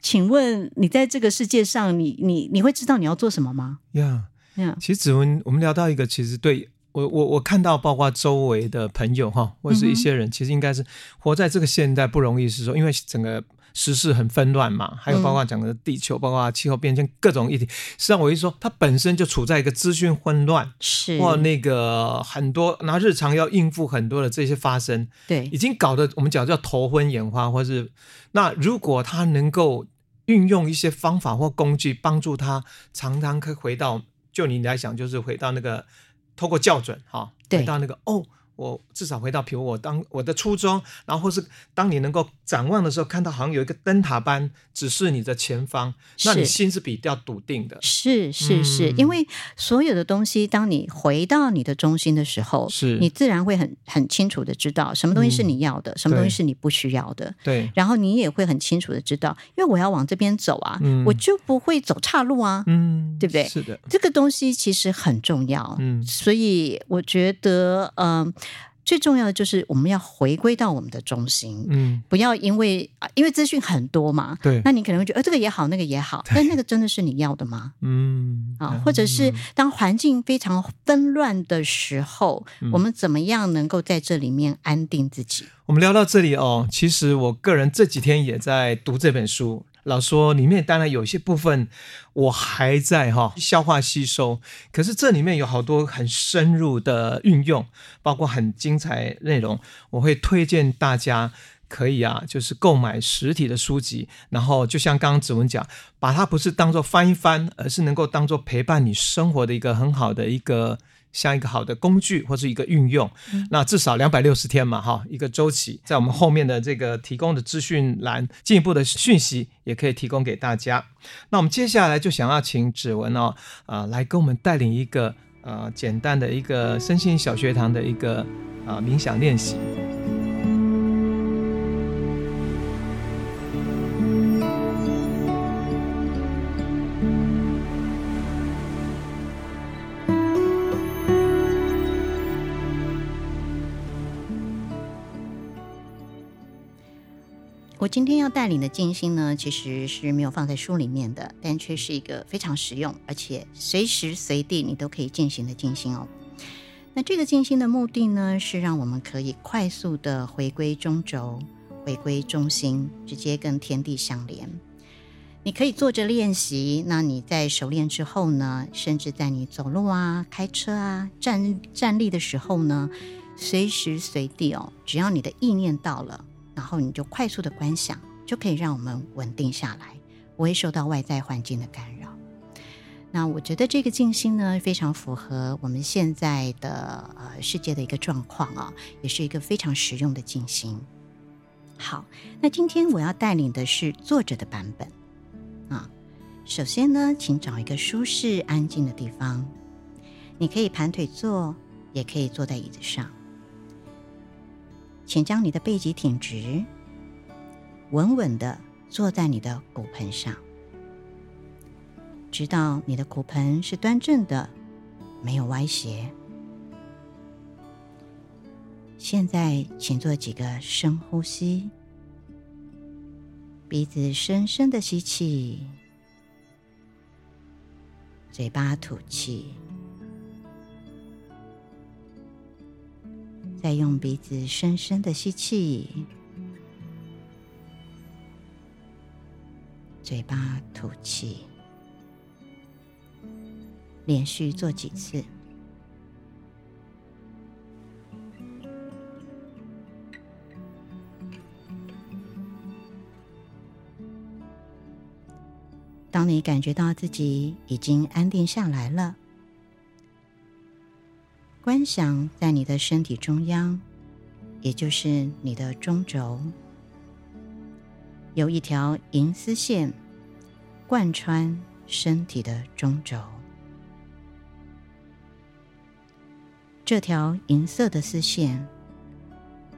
請問你在這個世界上你，你你你會知道你要做什麼嗎？呀 Yeah, Yeah，呀。其實芷雯，我們聊到一個，其實對我我我看到，包括周圍的朋友哈，或者是一些人，嗯、哼其實應該是活在這個現代不容易，是說因為整個。時事很紛亂嘛，還有包括講的地球，嗯、包括氣候變遷各種議題。實際上，我一說，它本身就處在一個資訊混亂，是或那個很多那日常要應付很多的這些發生，對，已經搞得我們講叫頭昏眼花，或是那如果他能夠運用一些方法或工具幫助他，常常可以回到，就你來講，就是回到那個透過校準哈，回、喔、對到那個哦。我至少回到，比如我當我的初衷，然後是當你能夠展望的時候，看到好像有一個燈塔般指示你的前方，那你心是比較篤定的。是是是，因為所有的東西，當你回到你的中心的時候，是你自然會很很清楚的知道什麼東西是你要的，什麼東西是你不需要的。對。然後你也會很清楚的知道，因為我要往這邊走啊，我就不會走岔路啊。嗯，對不對？是的。這個東西其實很重要。嗯。所以我覺得，嗯。最重要的就是我們要回歸到我們的中心，嗯，不要因為因為資訊很多嘛，對，那你可能會覺得，呃，這個也好，那個也好，對但那個真的是你要的嗎？嗯，啊，哦，或者是當環境非常紛亂的時候，嗯，我們怎麼樣能夠在這裡面安定自己？嗯，我們聊到這裡哦，其實我個人這幾天也在讀這本書。老說裡面當然有些部分我還在哈，消化吸收，可是這裡面有好多很深入的運用，包括很精彩內容，我會推薦大家可以啊，就是購買實體的書籍，然後就像剛剛芷雯講，把它不是當做翻一翻，而是能夠當做陪伴你生活的一個很好的一個。像一個好的工具，或是一個運用，那至少兩百六十天嘛，哈，一個週期，在我們後面的這個提供的資訊欄，進一步的訊息也可以提供給大家。那我們接下來就想要請芷雯哦，啊、呃，來跟我們帶領一個呃簡單的一個身心小學堂的一個啊、呃、冥想練習。我今天要帶領的靜心呢，其實是沒有放在書裡面的，但卻是一個非常實用，而且隨時隨地你都可以進行的靜心哦。那這個靜心的目的呢，是讓我們可以快速的回歸中軸，回歸中心，直接跟天地相連。你可以坐着練習，那你在熟練之後呢，甚至在你走路啊、開車啊、站站立的時候呢，隨時隨地哦，只要你的意念到了。然後你就快速的觀想，就可以讓我們穩定下來，不會受到外在環境的干擾。那我覺得這個靜心呢，非常符合我們現在的呃世界的一個狀況啊，也是一個非常實用的靜心。好，那今天我要帶領的是坐着的版本啊。首先呢，請找一個舒適安靜的地方，你可以盤腿坐，也可以坐在椅子上。請將你的背脊挺直，穩穩的坐在你的骨盆上，直到你的骨盆是端正的，沒有歪斜。現在，請做幾個深呼吸，鼻子深深的吸氣，嘴巴吐氣，再用鼻子深深的吸氣，嘴巴吐氣，連續做幾次。當你感覺到自己已經安定下來了。觀想在你的身體中央，也就是你的中軸，有一條銀絲線貫穿身體的中軸。這條銀色的絲線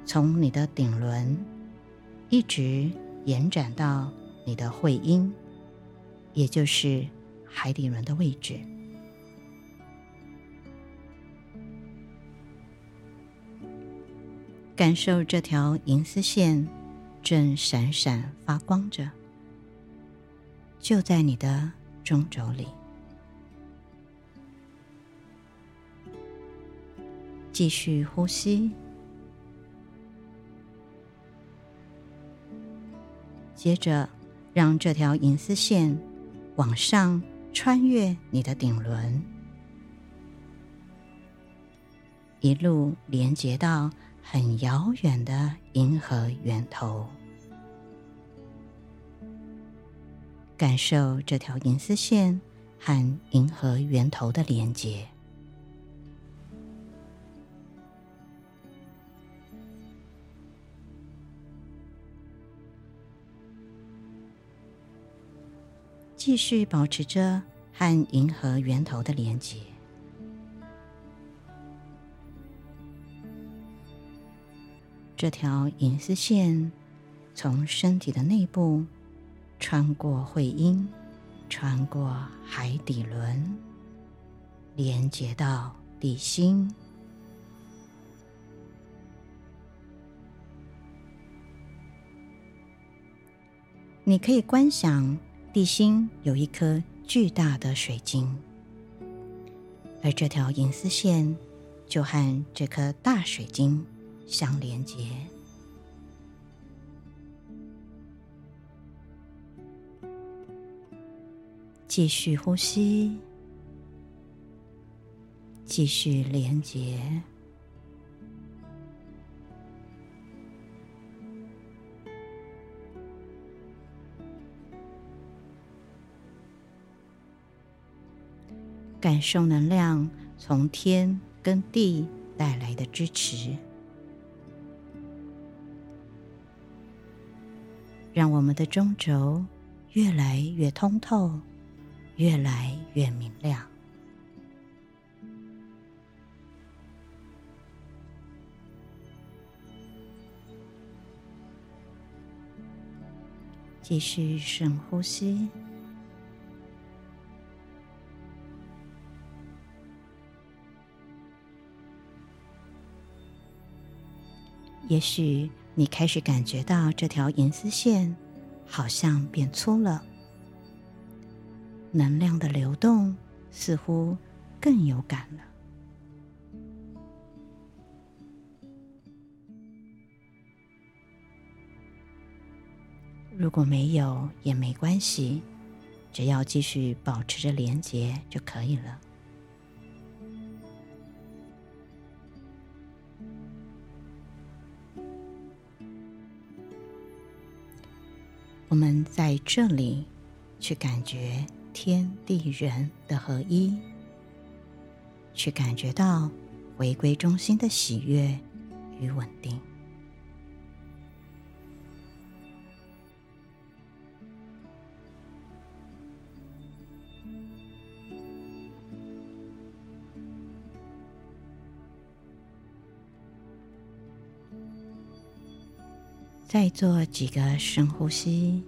從你的頂輪一直延展到你的會陰，也就是海底輪的位置。感受這條銀絲線正閃閃發光着，就在你的中軸裡。繼續呼吸，接着讓這條銀絲線往上穿越你的頂輪，一路連接到很遙遠的銀河源頭，感受這條銀絲線和銀河源頭的連接，繼續保持着和銀河源頭的連接。這條銀絲線從身體的內部穿過會陰，穿過海底輪，連接到地心。你可以觀想地心有一顆巨大的水晶，而這條銀絲線就和這顆大水晶。相連接，繼續呼吸，繼續連接，感受能量從天跟地帶來的支持。讓我們的中軸越來越通透，越來越明亮。繼續深呼吸，也許。你開始感覺到這條銀絲線好像變粗了，能量的流動似乎更有感了。如果沒有也沒關係，只要繼續保持着連接就可以了。我們在這裡，去感覺天地人的合一，去感覺到回歸中心的喜悅與穩定。再做幾個深呼吸，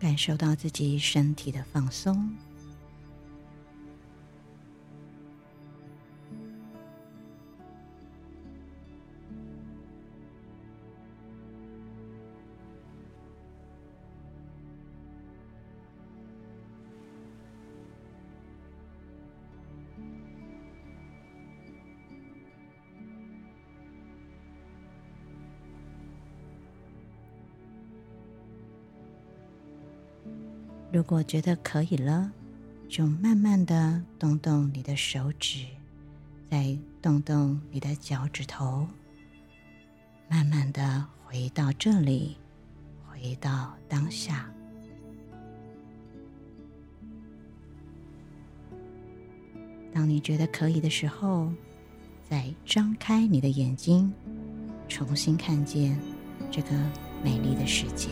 感受到自己身體的放鬆。我覺得可以了，就慢慢的動動你的手指，再動動你的腳趾頭，慢慢的回到這裡，回到當下。當你覺得可以的時候，再張開你的眼睛，重新看見這個美麗的世界。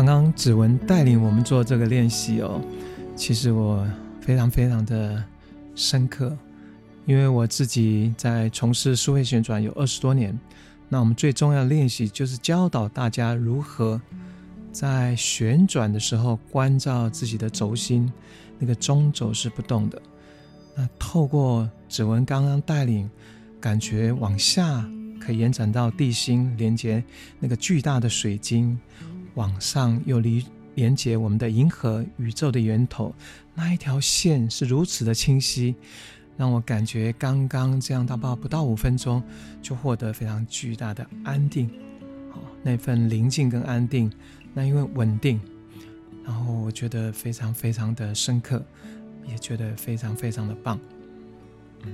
剛剛芷雯帶領我們做這個練習哦，其實我非常非常的深刻，因為我自己在從事書位旋轉有二十多年。那我們最重要的練習就是教導大家如何在旋轉的時候關照自己的軸心，那個中軸是不動的。那透過芷雯剛剛帶領，感覺往下可以延展到地心，連接那個巨大的水晶。往上又連連接我們的銀河宇宙的源頭，那一條線是如此的清晰，讓我感覺剛剛這樣到不到不到五分鐘就獲得非常巨大的安定，那份寧靜跟安定，那因為穩定，然後我覺得非常非常的深刻，也覺得非常非常的棒。嗯，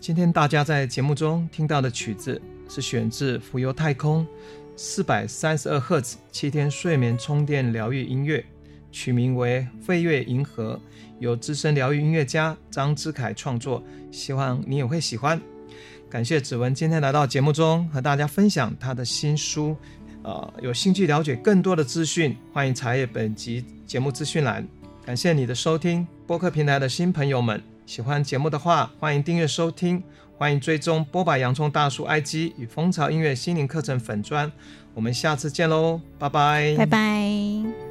今天大家在節目中聽到的曲子是選自《浮遊太空》。四百三十二赫茲，七天睡眠充電療癒音樂，取名為《飛越銀河》，由資深療癒音樂家張之愷創作，希望你也會喜歡。感謝芷雯今天來到節目中和大家分享她的新書。呃，有興趣了解更多的資訊，歡迎查閱本集節目資訊欄。感謝你的收聽，播客平台的新朋友們，喜歡節目的話，歡迎訂閱收聽。歡迎追蹤剝吧洋蔥大叔 IG 與風潮音樂心靈課程粉專，我們下次見嘍，拜拜，拜拜。